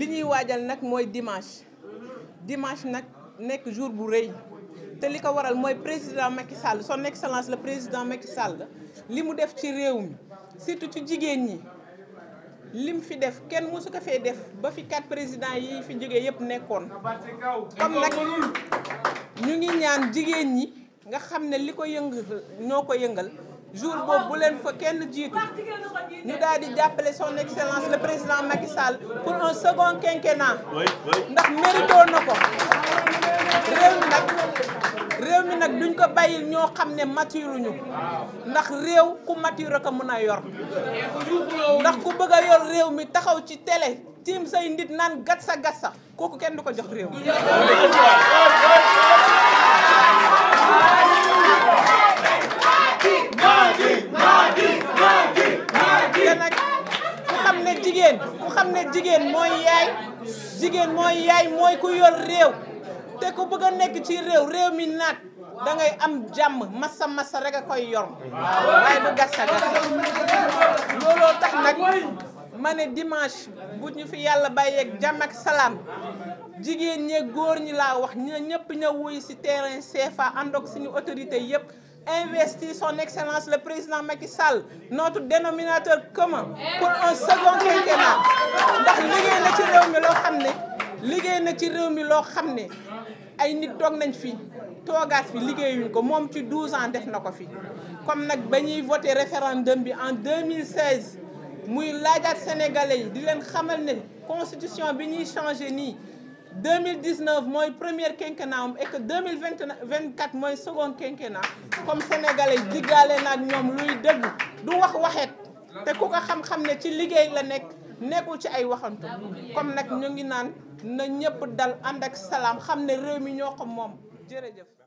li ñuy waajal nag mooy dimanche dimanche nag nekk jour bu rëy te li ko waral mooy président Macky Sall son excellence le président Macky Sall li mu def ci réew mi surtout ci jigéen ñi li mu fi def kenn mosu ko fee def ba fi quatre présidents yi fi jógee yëpp nekkoon comme nag ñu ngi ñaan jigéen ñi nga xam ne li ko yëng ñoo ko yëngal jour boobu bu leen fa kenn jiitu ñu daal di jàppale son excellence le président Macky Sall pour un second quinquennat ndax méritoo na ko réew mi nag réew mi nag duñ ko bàyyil ñoo xam ne matiruñu ndax réew ku mature ko mën a yor ndax ku bëgg a yor réew mi taxaw ci télé tiim say nit naan gatsa gatsa kooku kenn du ko jox réew jigéen ku xam ne jigéen mooy yaay jigéen mooy yaay mooy ku yor réew te ku bëgg a nekk ci réew réew mi naat da ngay am jàmm masa massa rek a koy yor waaye bu gassa looloo tax nag ma ne dimanche bu ñu fi yàlla bàyyeeg jàmm ak salaam jigéen ñee góor ñi laa wax ñu ñëpp ña wuy si terrain CFA ànd ak suñu autorité yëpp investit son excellence le président Macky Sall notre dénominateur commun pour un second quinquennat ndax liggéey na ci réew mi loo xam ne liggéey na ci réew mi loo xam ne ay nit toog nañ fi toogaat fi liggéeyuñ ko moom ci 12 ans def na ko fi comme nag ba ñuy voté référendum bi en 2016 muy laajaat sénégalais yi di leen xamal ne constitution bi ñuy changé nii 2019 mooy première quinquennat am et que 2024 mooy second quinquennat comme sénégalais diggaale na ak ñoom luy dëgg du wax waxeet te ku ko xam-xam ne ci liggéey la nekk nekkul ci ay waxantu comme nag ñu ngi naan na ñëpp dal ànd ak salaam xam ne réew mi ñoo ko moom jërëjëf